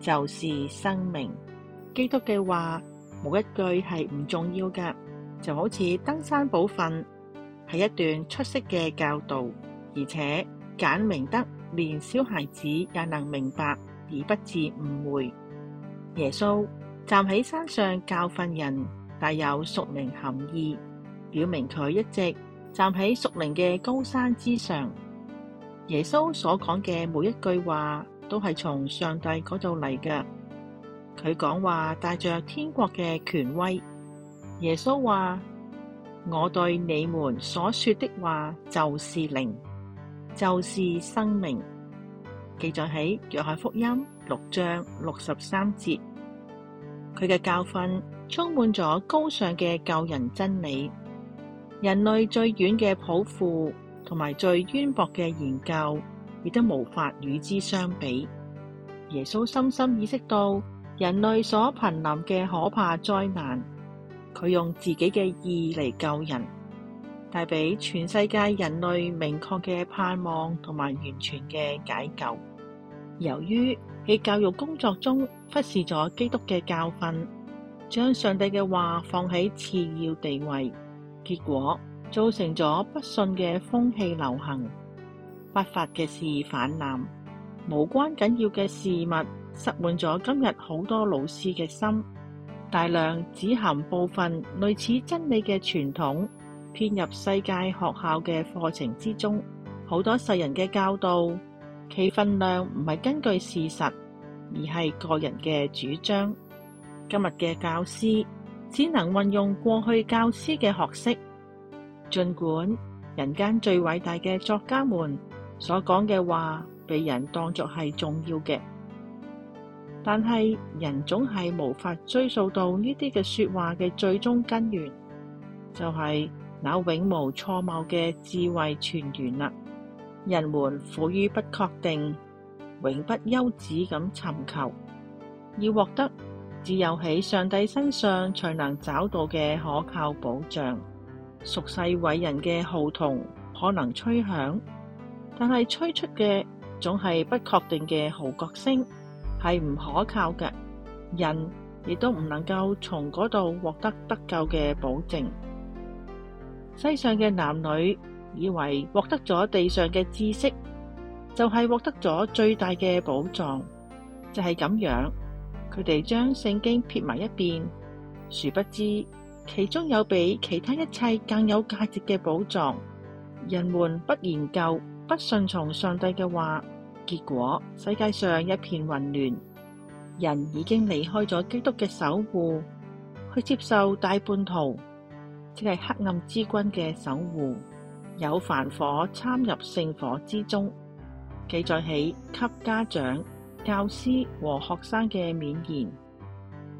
就是生命，基督嘅話冇一句係唔重要嘅，就好似登山寶訓係一段出色嘅教導，而且簡明得連小孩子也能明白而不致誤會。耶穌站喺山上教訓人，帶有屬靈含義，表明佢一直站喺屬靈嘅高山之上。耶穌所講嘅每一句話，都係從上帝嗰度嚟嘅。佢講話帶着天國嘅權威。耶穌話：我對你們所說的話就是靈，就是生命。記載喺約翰福音六章六十三節。佢嘅教訓充滿咗高尚嘅救人真理。人類最遠嘅抱負同埋最淵博嘅研究。亦都無法與之相比。耶穌深深意識到人類所瀕臨嘅可怕災難，佢用自己嘅意嚟救人，帶俾全世界人類明確嘅盼望同埋完全嘅解救。由於喺教育工作中忽視咗基督嘅教訓，將上帝嘅話放喺次要地位，結果造成咗不信嘅風氣流行。不法嘅事泛濫，無關緊要嘅事物塞滿咗今日好多老師嘅心。大量只含部分類似真理嘅傳統，編入世界學校嘅課程之中。好多世人嘅教導，其份量唔係根據事實，而係個人嘅主張。今日嘅教師只能運用過去教師嘅學識，儘管人間最偉大嘅作家們。所講嘅話被人當作係重要嘅，但係人總係無法追溯到呢啲嘅説話嘅最終根源，就係、是、那永無錯謬嘅智慧泉源啦。人們苦於不確定，永不休止咁尋求，要獲得只有喺上帝身上才能找到嘅可靠保障。俗世偉人嘅號筒，可能吹響。但係吹出嘅總係不確定嘅號角聲，係唔可靠嘅。人，亦都唔能夠從嗰度獲得得救嘅保證。世上嘅男女以為獲得咗地上嘅知識，就係、是、獲得咗最大嘅寶藏，就係、是、咁樣，佢哋將聖經撇埋一邊，殊不知其中有比其他一切更有價值嘅寶藏，人們不研究。不順從上帝嘅話，結果世界上一片混亂，人已經離開咗基督嘅守護，去接受大叛徒即係黑暗之君嘅守護，有凡火參入聖火之中。記載起給家長、教師和學生嘅勉言，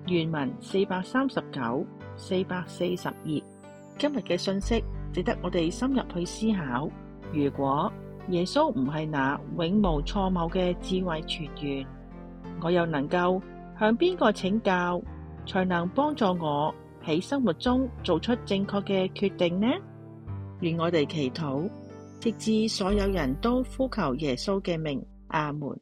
原文四百三十九、四百四十頁。今日嘅信息值得我哋深入去思考。如果耶穌唔係那永無錯謬嘅智慧泉源，我又能夠向邊個請教，才能幫助我喺生活中做出正確嘅決定呢？願我哋祈禱，直至所有人都呼求耶穌嘅名。阿門。